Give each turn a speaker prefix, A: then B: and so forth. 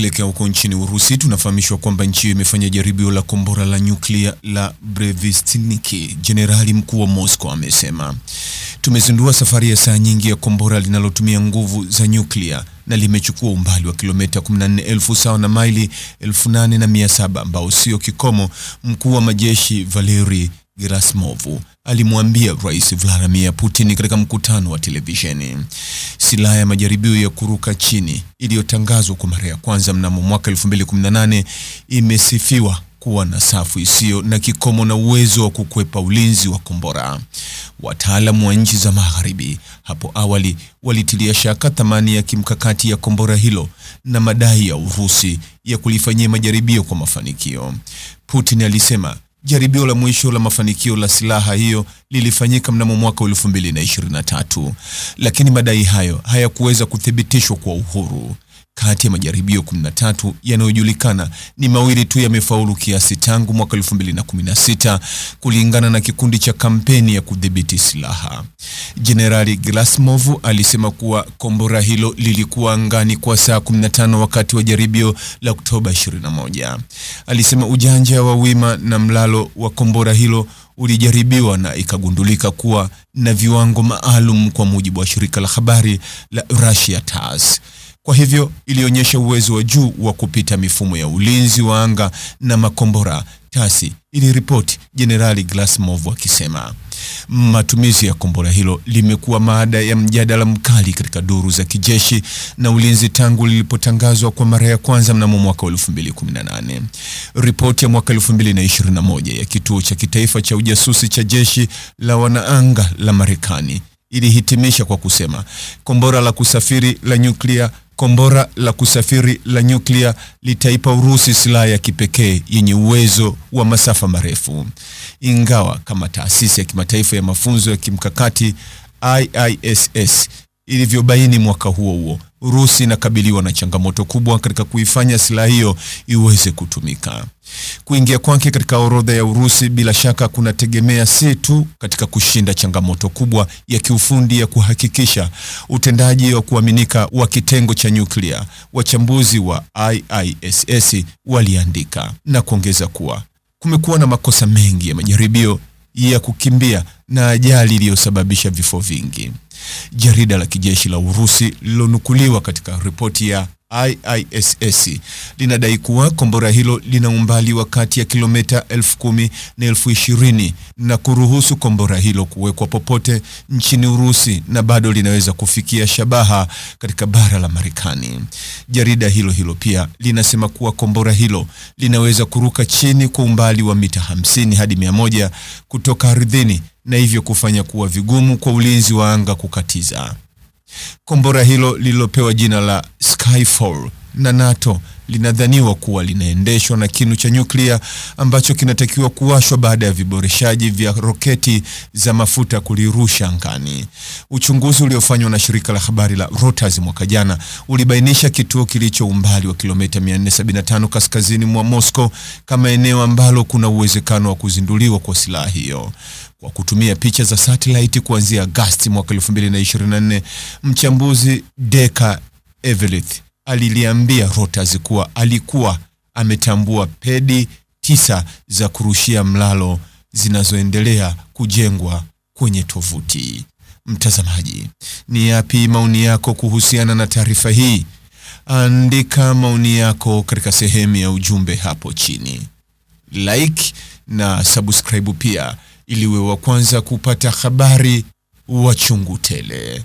A: Tukielekea huko nchini Urusi, tunafahamishwa kwamba nchi hiyo imefanya jaribio la kombora la nyuklia la Brevistniki. Jenerali mkuu wa Moscow amesema, tumezindua safari ya saa nyingi ya kombora linalotumia nguvu za nyuklia na limechukua umbali wa kilomita 14,000 sawa na maili 8,700 ambao sio kikomo. Mkuu wa majeshi Valeri Gerasimov alimwambia Rais Vladimir Putin katika mkutano wa televisheni. Silaha ya majaribio ya kuruka chini iliyotangazwa kwa mara ya kwanza mnamo mwaka 2018 imesifiwa kuwa na safu isiyo na kikomo na uwezo wa kukwepa ulinzi wa kombora. Wataalamu wa nchi za Magharibi hapo awali walitilia shaka thamani ya kimkakati ya kombora hilo na madai ya Urusi ya kulifanyia majaribio kwa mafanikio. Putin alisema Jaribio la mwisho la mafanikio la silaha hiyo lilifanyika mnamo mwaka 2023, lakini madai hayo hayakuweza kuthibitishwa kwa uhuru. Kati ya majaribio 13 yanayojulikana ni mawili tu yamefaulu kiasi tangu mwaka 2016 kulingana na kikundi cha kampeni ya kudhibiti silaha. Jenerali Glasmov alisema kuwa kombora hilo lilikuwa angani kwa saa 15 wakati wa jaribio la Oktoba 21. Alisema ujanja wa wima na mlalo wa kombora hilo ulijaribiwa na ikagundulika kuwa na viwango maalum kwa mujibu wa shirika la habari la Russia TASS. Kwa hivyo ilionyesha uwezo wa juu wa kupita mifumo ya ulinzi wa anga na makombora TASI, iliripoti Jenerali Glasmov akisema. Matumizi ya kombora hilo limekuwa maada ya mjadala mkali katika duru za kijeshi na ulinzi tangu lilipotangazwa kwa mara ya kwanza mnamo mwaka 2018. Ripoti ya mwaka 2021 ya kituo cha kitaifa cha ujasusi cha jeshi la wanaanga la Marekani ilihitimisha kwa kusema kombora la kusafiri la nyuklia kombora la kusafiri la nyuklia litaipa Urusi silaha ya kipekee yenye uwezo wa masafa marefu. Ingawa kama taasisi ya kimataifa ya mafunzo ya kimkakati IISS ilivyobaini mwaka huo huo, Urusi inakabiliwa na changamoto kubwa katika kuifanya silaha hiyo iweze kutumika. Kuingia kwake katika orodha ya Urusi bila shaka kunategemea si tu katika kushinda changamoto kubwa ya kiufundi ya kuhakikisha utendaji wa kuaminika wa kitengo cha nyuklia, wachambuzi wa IISS waliandika na kuongeza kuwa kumekuwa na makosa mengi ya majaribio ya kukimbia na ajali iliyosababisha vifo vingi. Jarida la kijeshi la Urusi lililonukuliwa katika ripoti ya IISS linadai kuwa kombora hilo lina umbali wa kati ya kilomita elfu kumi na elfu ishirini na kuruhusu kombora hilo kuwekwa popote nchini Urusi na bado linaweza kufikia shabaha katika bara la Marekani. Jarida hilo hilo pia linasema kuwa kombora hilo linaweza kuruka chini kwa umbali wa mita hamsini hadi 100 kutoka ardhini na hivyo kufanya kuwa vigumu kwa ulinzi wa anga kukatiza. Kombora hilo lililopewa jina la Skyfall na NATO linadhaniwa kuwa linaendeshwa na kinu cha nyuklia ambacho kinatakiwa kuwashwa baada ya viboreshaji vya roketi za mafuta kulirusha angani. Uchunguzi uliofanywa na shirika la habari la Reuters mwaka jana ulibainisha kituo kilicho umbali wa kilomita 475 kaskazini mwa Moscow kama eneo ambalo kuna uwezekano wa kuzinduliwa kwa silaha hiyo. Kwa kutumia picha za satellite kuanzia Agosti mwaka 2024, mchambuzi Deka Evelith aliliambia Reuters kuwa alikuwa ametambua pedi tisa za kurushia mlalo zinazoendelea kujengwa kwenye tovuti. Mtazamaji, ni yapi maoni yako kuhusiana na taarifa hii? Andika maoni yako katika sehemu ya ujumbe hapo chini. Like na subscribe pia, ili uwe wa kwanza kupata habari wa chungu tele.